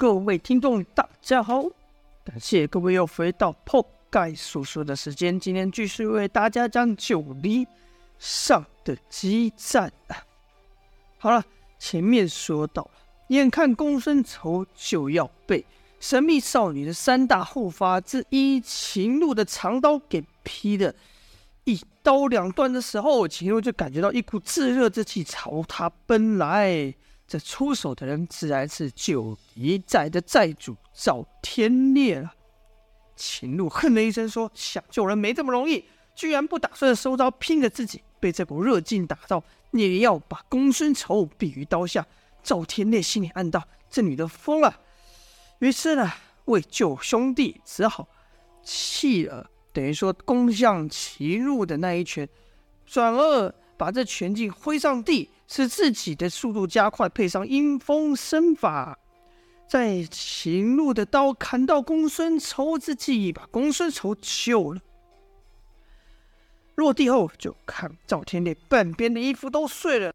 各位聽眾，大家好，感謝各位又回到破蓋說書的時間。今天繼續為大家講九黎上的激戰。好了，前面說到眼看公孫仇就要被神秘少女的三大護法之一秦璐的長刀給劈的一刀兩斷的時候，秦璐就感覺到一股炙熱之氣朝他奔來。這出手的人自然是九一寨的寨主趙天烈了。秦鹿哼了一聲，說：“想救人沒這麼容易，居然不打算收招，拼着自己被這股熱勁打到，你要把公孫仇斃於刀下。”趙天烈心裡暗道：“這女的瘋了。”於是呢，為救兄弟，只好棄了，等於說攻向秦鹿的那一拳，轉而。把這拳勁揮上地，使自己的速度加快，配上陰風身法，在秦鹿的刀砍到公孫仇之際，把公孫仇救了。落地後就看趙天那半邊的衣服都碎了，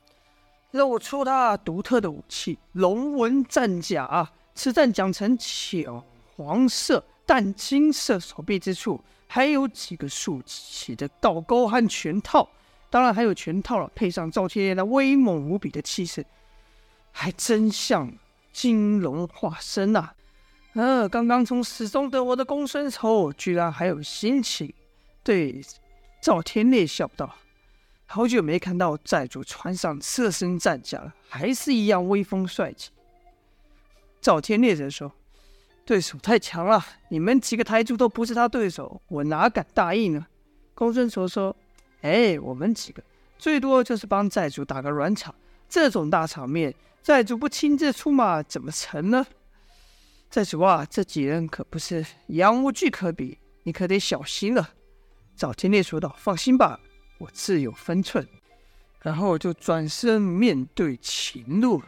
露出他獨特的武器——龍紋戰甲、啊。此戰甲呈淺黃色，淡金色，手臂之處還有幾個豎起的倒鈎和拳套。當然還有全套了，配上趙天烈那威猛無比的氣勢，還真像金龍化身吶、啊！呃，剛剛從死中得活的公孫丑居然還有心情對趙天烈笑道：“好久沒看到寨主穿上赤身戰甲了，還是一樣威風帥氣。”趙天烈則說：“對手太強了，你們幾個檯主都不是他對手，我哪敢大意呢？”公孫丑說。哎，我們幾個最多就是幫寨主打個軟場，這種大場面，寨主不親自出馬怎麼成呢？寨主啊，這幾人可不是楊無懼可比，你可得小心了。趙天裂說道：“放心吧，我自有分寸。”然後就轉身面對秦路。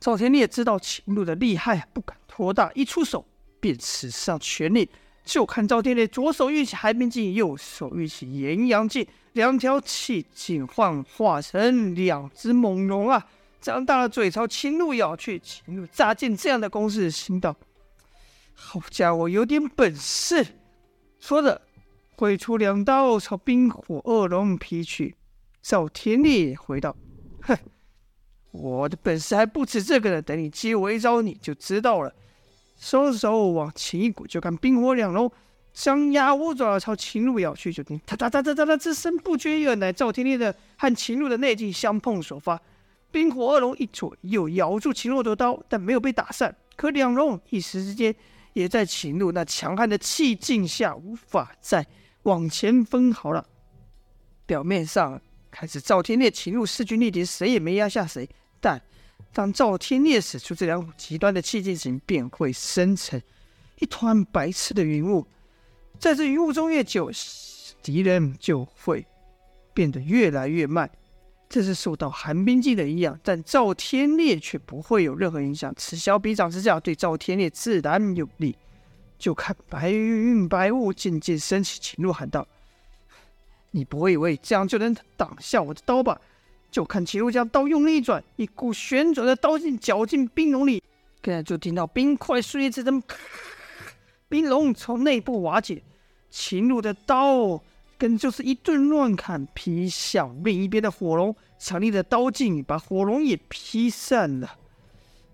趙天裂知道秦路的厲害，不敢托大，一出手便使上全力。就看趙天裂左手運起寒冰鏡，右手運起炎陽鏡，兩條氣勁幻化成兩只猛龍啊！張大了嘴朝秦鹿咬去。秦鹿乍見這樣的攻勢，心道：“好家伙，有點本事！”說着揮出兩刀朝冰火惡龍劈去。趙天裂回道：“哼，我的本事還不止這個呢，等你接我一招，你就知道了。”雙手往前一鼓，就看冰火兩龍張牙舞爪朝秦鹿咬去，就聽噠噠噠噠噠噠之聲不絕於耳。乃趙天裂的和秦鹿的內勁相碰所發，冰火二龍一左一右咬住秦鹿的刀，但沒有被打散。可兩龍一時之間，也在秦鹿那強悍的氣勁下，無法再往前分毫了。表面上，開始趙天裂、秦鹿勢均力敵，誰也沒壓下誰，但。當趙天裂使出這兩股極端的氣勁型，便會生成一團白色的雲霧。在這雲霧中越久，敵人就會變得越來越慢。這是受到寒冰勁的影響，但趙天裂卻不會有任何影響。此消彼長之下，對趙天裂自然有利。就看白雲白霧漸漸升起，秦鹿喊道：“你不會以為這樣就能擋下我的刀吧？”就看秦鹿將刀用力一轉，一股旋轉的刀勁絞進冰龍裡，跟着就聽到冰塊碎裂之聲，冰龍從內部瓦解。秦鹿的刀跟就是一頓亂砍，劈向另一邊的火龍，強力的刀勁把火龍也劈散了。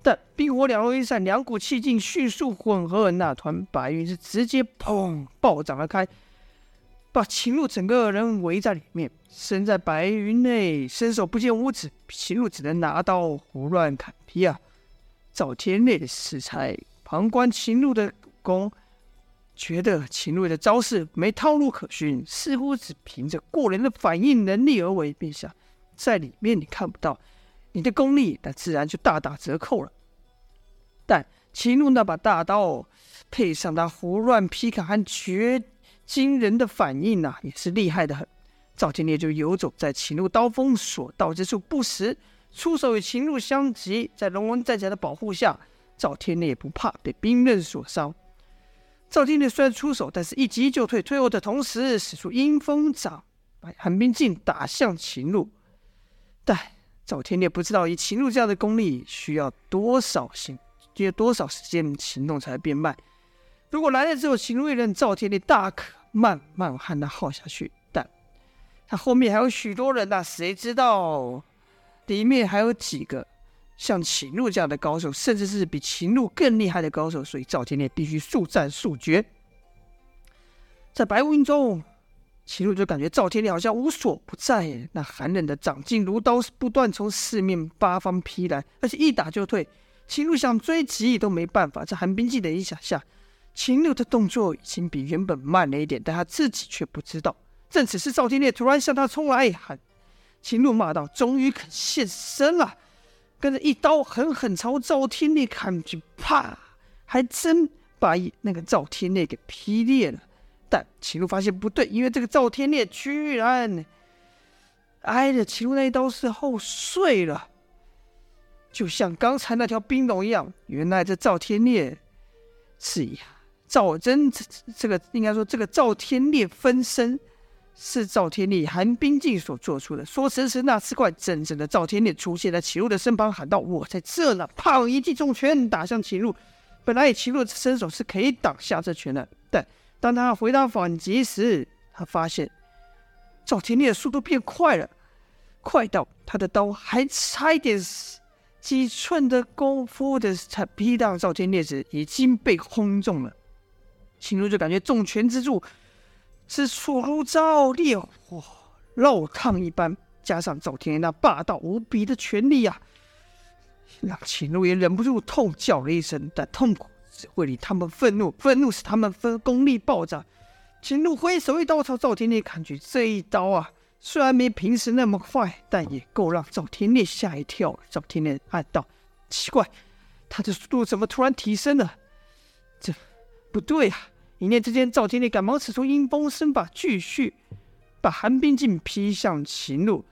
但冰火兩龍一散，兩股氣勁迅速混合，那團白雲是直接砰暴漲而開。把秦鹿整個人圍在裡面，身在白雲內，伸手不見五指。秦鹿只能拿刀胡亂砍劈啊！趙天裂死在旁觀秦鹿的武功，覺得秦鹿的招式沒套路可循，似乎只憑着過人的反應能力而為。陛下，在裡面你看不到你的功力，那自然就大打折扣了。但秦鹿那把大刀，配上他胡亂劈砍，還絕。驚人的反應吶、啊，也是厲害的很。趙天裂就游走在秦鹿刀鋒所到之處不，不時出手與秦鹿相擊，在龍紋戰甲的保護下，趙天裂不怕被兵刃所傷。趙天裂雖然出手，但是一擊就退，退後的同時使出陰風掌,把寒冰鏡打向秦鹿。但趙天裂不知道，以秦鹿這樣的功力，需要多少行，需要多少時間行動才會變慢。如果來了之後，秦鹿一人，趙天裂大可。慢慢和他耗下去，但他後面還有許多人吶、啊，誰知道裡面還有幾個像秦路這樣的高手，甚至是比秦路更厲害的高手。所以趙天裂必須速戰速決。在白霧中，秦路就感覺趙天裂好像無所不在耶，那寒冷的掌勁如刀，不斷從四面八方劈來，而且一打就退。秦路想追擊都沒辦法，在寒冰勁的影響下，下。秦鹿的動作已經比原本慢了一點，但他自己卻不知道。正此時，趙天裂突然向他衝來，喊：“秦鹿，罵道，終於肯現身了！”跟着一刀狠狠朝趙天裂砍去，啪，還真把那個趙天裂給劈裂了。但秦鹿發現不對，因為這個趙天裂居然挨着秦鹿那一刀之後碎了，就像剛才那條冰龍一樣。原來這趙天裂是一樣。趙真，這這個應該說，這個趙天烈分身是趙天烈寒冰鏡所做出的。說時遲，那時快，真正的趙天烈出現在秦鹿的身旁，喊道：“我在這呢！”砰一記重拳打向秦鹿。本來以秦鹿的身手是可以擋下這拳的，但當他回刀反擊時，他發現趙天烈的速度變快了，快到他的刀還差一點幾寸的功夫的才劈到趙天烈時，已經被轟中了。秦鹿就感覺重拳之助是觸如照烈火、哦、烙燙一般，加上趙天烈那霸道無比的權利啊，讓秦鹿也忍不住痛叫了一聲。但痛苦只會令他們憤怒，憤怒使他們分功力暴漲。秦鹿揮手一刀朝趙天烈砍去，這一刀啊，雖然沒平時那麼快，但也夠讓趙天烈嚇一跳了。趙天烈暗道：奇怪，他的速度怎麼突然提升了？這。不對呀、啊！一念之間，趙天裂趕忙使出陰風身法，繼續把寒冰鏡劈向秦鹿。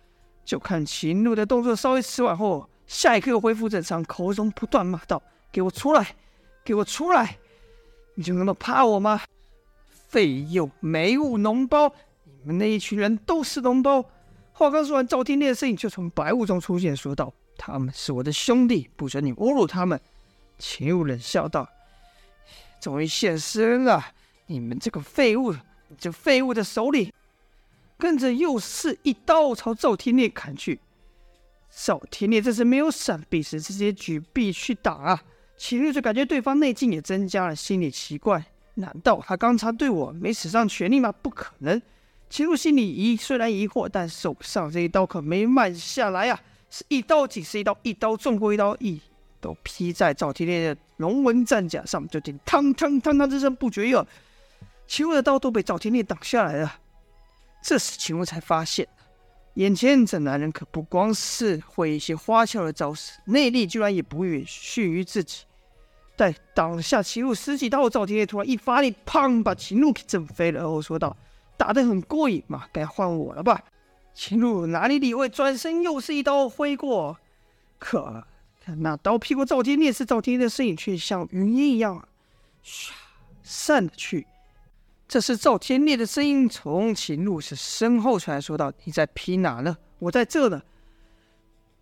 就看秦鹿的動作稍微遲緩後，下一刻又恢復正常，口中不斷罵道：“給我出來！給我出來！你就那麼怕我嗎？廢物！沒物膿包！你們那一群人都是膿包！”話剛說完，趙天裂的身影就從白霧中出現，說道：“他們是我的兄弟，不准你侮辱他們。”秦鹿冷笑道。終於現身了！你們這個廢物，這廢物的首領，跟着又是一刀朝趙天裂砍去。趙天裂這次沒有閃避，時直接舉臂去擋啊。秦律就感覺對方內勁也增加了，心裡奇怪：難道他剛才對我沒使上全力嗎？不可能！秦律心裡疑雖然疑惑，但手上這一刀可沒慢下來啊，是一刀緊似一刀，一刀重過一刀一，一刀都劈在趙天裂的。龍紋戰甲上，就聽嘡嘡嘡嘡之聲不絕於耳，秦鹿的刀都被趙天裂擋下來了。這時秦鹿才發現，眼前這男人可不光是會一些花俏的招式，內力居然也不遠遜於自己。待擋下秦鹿十幾刀後，趙天裂突然一發力，砰，把秦鹿給震飛了，而後說道：“打得很過癮嘛，該換我了吧？”秦鹿哪裡理會，轉身又是一刀揮過，可。那刀劈過趙天裂時，趙天裂的身影卻像雲煙一樣，唰，散了去。這時，趙天裂的聲音從秦露是身後傳來，說道：“你在劈哪呢？我在這呢。”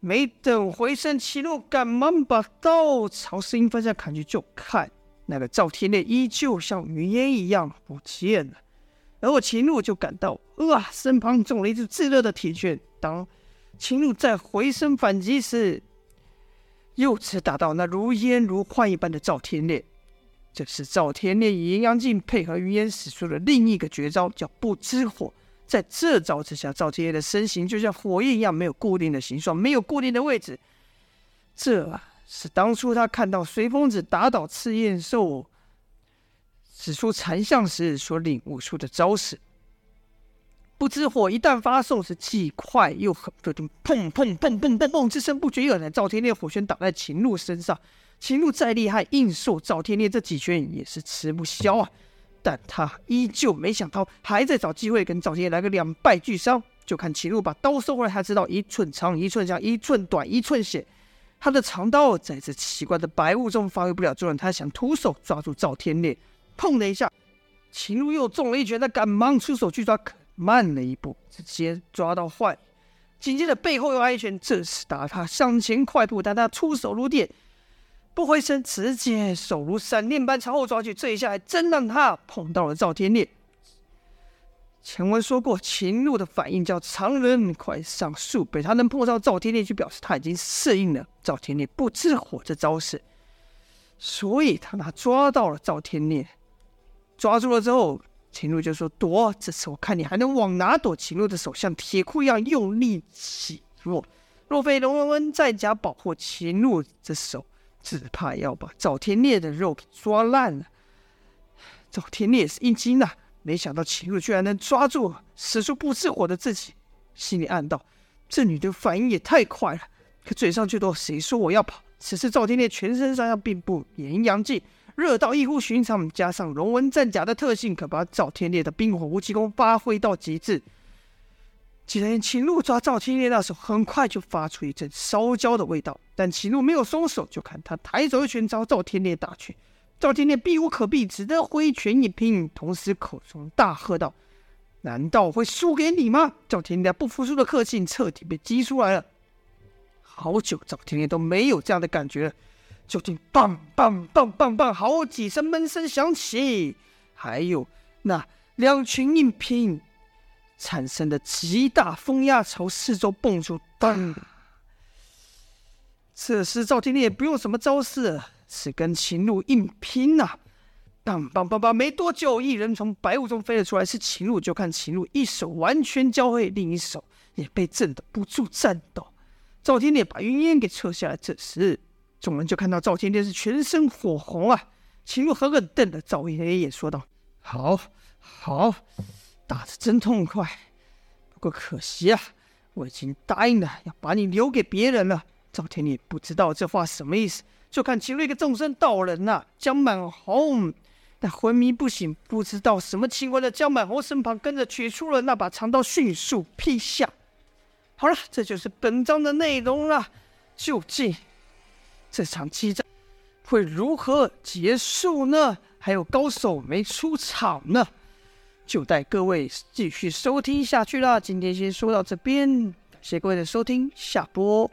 沒等回身，秦路趕忙把刀朝聲音方向砍去，就看那個趙天裂依舊像雲煙一樣不見了。而我秦路就感到，啊，身旁中了一隻炙熱的鐵拳。當秦路在回身反擊時，又次打到那如煙如幻一般的趙天烈，這是趙天烈與陰陽鏡配合雲煙使出的另一個絕招，叫“不知火”。在這招之下，趙天烈的身形就像火焰一樣，沒有固定的形狀，沒有固定的位置。這是，啊、是當初他看到隨風子打倒赤焰獸使出殘象時所領悟出的招式。不知火一旦發送是既快又狠，砰砰砰砰砰砰之聲不絕於耳。趙天烈火拳打在秦鹿身上，秦鹿再厲害，硬受趙天烈這幾拳也是吃不消啊。但他依舊沒想到，還在找機會跟趙天烈來個兩敗俱傷。就看秦鹿把刀收回來，他知道一寸長一寸強，一寸短一寸血。他的長刀在這奇怪的白霧中發揮不了作用，他想徒手抓住趙天烈，砰的一下，秦鹿又中了一拳，他趕忙出手去抓。慢了一步，直接抓到壞。緊接着背後又挨拳，這次打他向前快步，但他出手如電，不回身，直接手如閃電般朝後抓去。這一下還真讓他碰到了趙天裂。前文說過，秦路的反應較常人快上數倍，被他能碰上趙天裂，就表示他已經適應了趙天裂不知火這招式，所以他拿抓到了趙天裂。抓住了之後。秦露就說躲，這次我看你還能往哪躲？秦露的手像鐵箍一樣用力起落，若非龍紋戰甲保護，秦露的手只怕要把趙天裂的肉給抓爛了。趙天裂也是一驚啊，沒想到秦露居然能抓住使出不知火的自己，心裡暗道：這女的反應也太快了。可嘴上卻說：“誰說我要跑？”，此時趙天裂全身上下遍佈炎陽勁。熱到異乎尋常，加上龍紋戰甲的特性，可把趙天烈的冰火無極功發揮到極致。既然秦路抓趙天烈那手，很快就發出一陣燒焦的味道，但秦路沒有鬆手，就看他抬手一拳朝趙天烈打去。趙天烈避無可避，只得揮拳一拼，同時口中大喝道：“難道會輸給你嗎？”趙天烈不服輸的個性徹底被激出來了。好久，趙天烈都沒有這樣的感覺了。就聽“砰砰砰砰砰”好幾聲悶聲響起，還有那兩群硬拼產生的極大風壓，朝四周蹦出“砰”。這時趙天裂也不用什麼招式，是跟秦露硬拼吶、啊，“砰砰砰砰”沒多久，一人從白霧中飛了出來，是秦露。就看秦露一手完全焦黑，另一手也被震得不住顫抖。趙天裂把雲煙給撤下來，這時。眾人就看到趙天裂是全身火紅啊，秦祿狠狠瞪了趙爺爺一眼，說道：“好，好，打得真痛快，不過可惜啊，我已經答應了要把你留給別人了。”趙天裂不知道這話什麼意思，就看齊祿一個縱身道人啊，江滿紅但昏迷不醒，不知道什麼情況，在江滿紅身旁跟着取出了那把長刀，迅速劈下。好了，這就是本章的內容了，就這。這場激戰會如何結束呢？還有高手沒出場呢，就帶各位繼續收聽下去啦。今天先說到這邊，感謝各位的收聽，下播。